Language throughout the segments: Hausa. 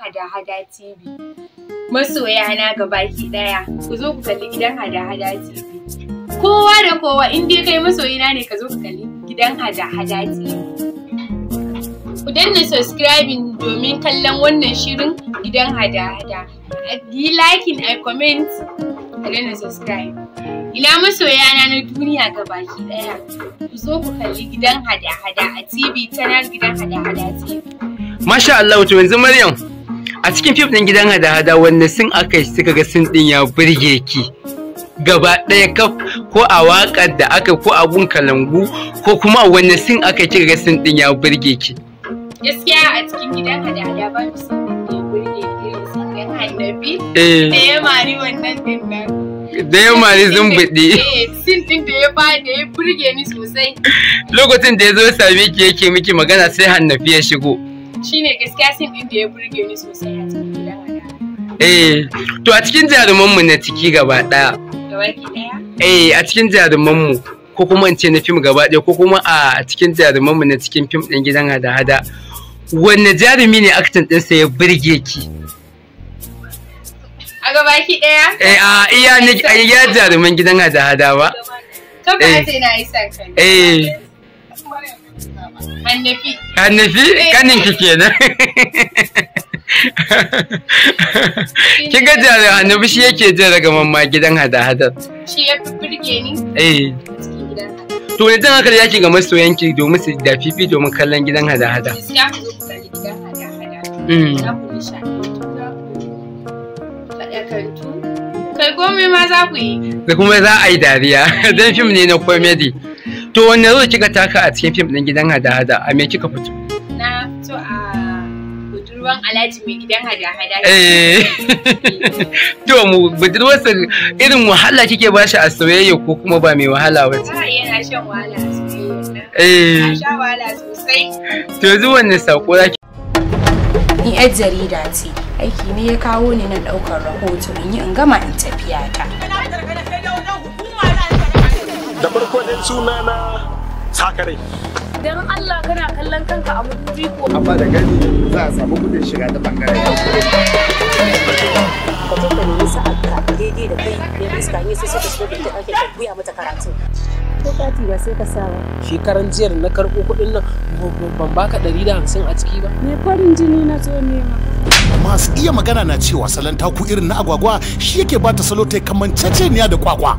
hada-hada TV. Masoya na gabaki ɗaya, ku zo ku kalli gidan hada-hada TV. Kowa da kowa in dai kai masoyina ne ka zo ku kalli gidan hada-hada TV. Ku danna subscribing domin kallon wannan shirin gidan hada-hada. Yi like a comment, ku danna subscribe. Ina masoya na na duniya gabaki ɗaya. Ku zo ku kalli gidan hada-hada a TV, tanar gidan hada-hada TV. Masha Allah, wato yanzu Maryam. a cikin fim ɗin gidan hada-hada wanne sun aka yi suka ga sun ɗin ya burge ki gaba ɗaya kaf ko a waƙar da aka ko a gun kalangu ko kuma a wanne sun aka kika ga sun ɗin ya burge ki gaskiya a cikin gidan hada-hada ba su sun burge ki sun ga annabi da ya mari wannan ɗin nan da ya mari zumbuɗe. Eh, sin ɗin da ya ba da ya burge ni sosai. Lokacin da ya zo same ki yake miki magana sai hannafi ya shigo. shine gaskiya sin din da ya burge ni sosai a cikin gidan Eh, to a cikin jarumanmu na ciki gaba ɗaya. Eh, a cikin jarumanmu ko kuma in ce na fim gaba ɗaya ko kuma a cikin jarumanmu na cikin fim ɗin gidan hada-hada. Wanne jarumi ne aktin sa ya burge ki? A ki daya? Eh, a iya jaruman gidan hada-hada ba. Eh. sai na yi Eh. Annafi. Annafi kanin eh. ki kenan. Kin ga jarin annabi shi yake jin ragaman ma gidan hada-hadar. Shi ya fi burge ni. Eh. To ne zan haka yaki ga masoyanki domin su da fifi domin kallon gidan hada-hada. Gaskiya ku zo ku gidan hada-hada. Mm. Za ku yi Kai komai ma za ku yi. Da kuma za a yi dariya don fim ne na komedi to wanne zai kika taka a cikin fim din gidan hada-hada a me kika fito na fito a budurwan alhaji mai gidan hada-hada eh to mu budurwarsa irin wahala kike ba shi a soyayya ko kuma ba mai wahala ba ce yana shan wahala sosai eh wahala sosai to zuwa ne sako zaki ni yar jarida ce aiki ne ya kawo ni na ɗaukar rahoto in yi in gama in tafiya ta suna na sakarai idan Allah kana kallon kanka a mutubi ko amma da gani za a samu kudin shiga ta bangare ka zo ka nemi sa'adka daidai da kai ne iska ne sai suka shiga da kake da buya mata karatu ko kati ba sai ka sa ba shekaran jiyar na karɓo kuɗin nan ban baka ɗari da hamsin a ciki ba me farin jini na zo nema masu iya magana na cewa salon taku irin na agwagwa shi yake ba ta salo ta kamanceceniya da kwakwa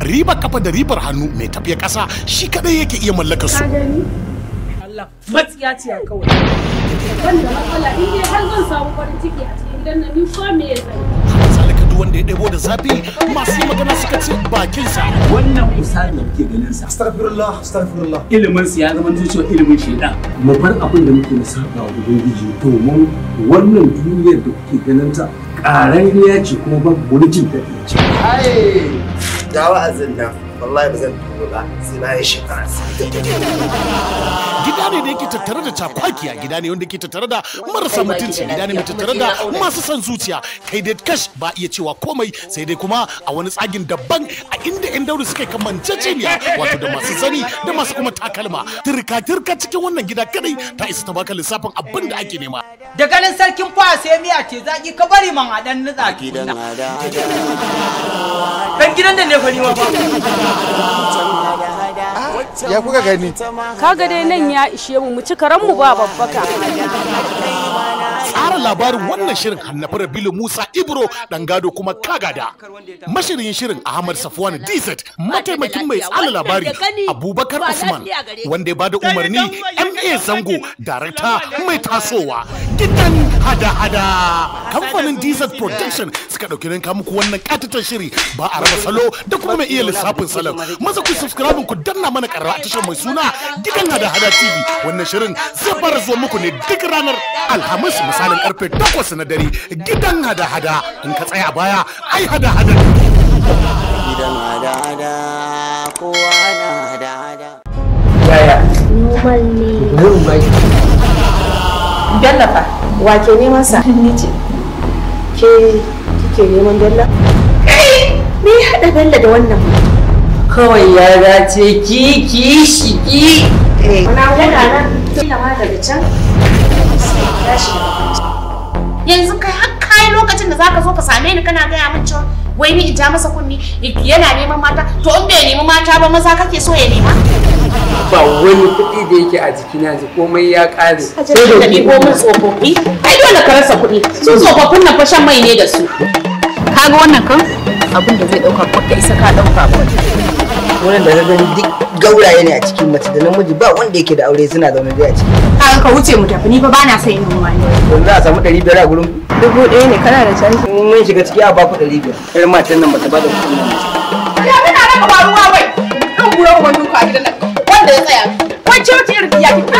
riba kafa da ribar hannu mai tafiya ƙasa shi kadai yake iya mallakar su Allah matsiya ce kawai wanda matsala in a cikin gidan nan ni ko me ya ɗebo da zafi masu magana suka ce bakinsa. Wannan misali da muke ganin sa. Astagfirullah, astagfirullah. Ilimin sa ya zama cewa ilimin shaidan. Mu bar abin da muke saba wa Ubangiji domin wannan duniyar da kuke ganin ta ƙarariya ce kuma babu wani jin daɗi ce. ga wa'azin nan wallahi zan tuwo ba sai na ya shekara sai ne da yake tattare da cakwakiya gida ne wanda ke tattare da marasa mutunci gida ne mai tattare da masu son zuciya kai dai kash ba iya cewa komai sai dai kuma a wani tsagin daban a inda yan daure suka kamanceceniya wato da masu sani da masu kuma takalma tirka tirka cikin wannan gida kadai ta isa ta baka lissafin abin da ake nema da ganin sarkin fa sai miya ce zaki ka bari man a dan nutsa gidan gidan da ne fa ni wa ya kuka gani kaga dai nan ya ishe mu mu ci mu ba babbaka tsara labarin wannan shirin hannafi rabilu musa ibro dan gado kuma kagada mashirin shirin ahmad safwan dz mataimakin mai tsara labari abubakar usman wanda ya bada umarni ma zango darakta mai tasowa gidan hada-hada kamfanin diesel protection suka ɗauki ranka muku wannan katatar shiri ba a raba salo da kuma mai iya lissafin salon maza ku subscribe ku danna mana karra a tashar mai suna gidan hada-hada tv wannan shirin zai fara zuwa muku ne duk ranar alhamis misalin karfe takwas na dare gidan hada-hada in ka tsaya baya ai hada-hada gidan hada-hada kowa na hada-hada yaya normal ne normal Bello fa wa ke neman sa ke kike neman dalla kai me ya hada dalla da wannan kawai ya dace ki ki shi ki eh, na yana nan kila ma daga can yanzu kai har kai lokacin da zaka zo ka same ni kana gaya min cewa wai ni in ja masa kunni yana neman mata to in bai nemi mata ba maza kake so ya nema ba wani kuɗi da yake a jikina yanzu komai ya ƙare sai da ɗibo min tsofaffi ai dole ka rasa kuɗi su tsofaffin nan shan mai ne da su kaga wannan kan abin da zai ɗauka kuɗi isa ka ɗauka ba wannan da zai gani duk gauraye ne a cikin mace da namiji ba wanda yake da aure suna zaune dai a ciki kaga ka wuce mu tafi ni fa bana son yin wani wanda a samu ɗari biyar a gurin dubu ɗaya ne kana da canji mun shiga ciki a baku ɗari biyar irin matan nan ba ta ba da kuɗi ya muna raka ba ruwa wai kan gura uban duka a gidan nan 我就是这样的。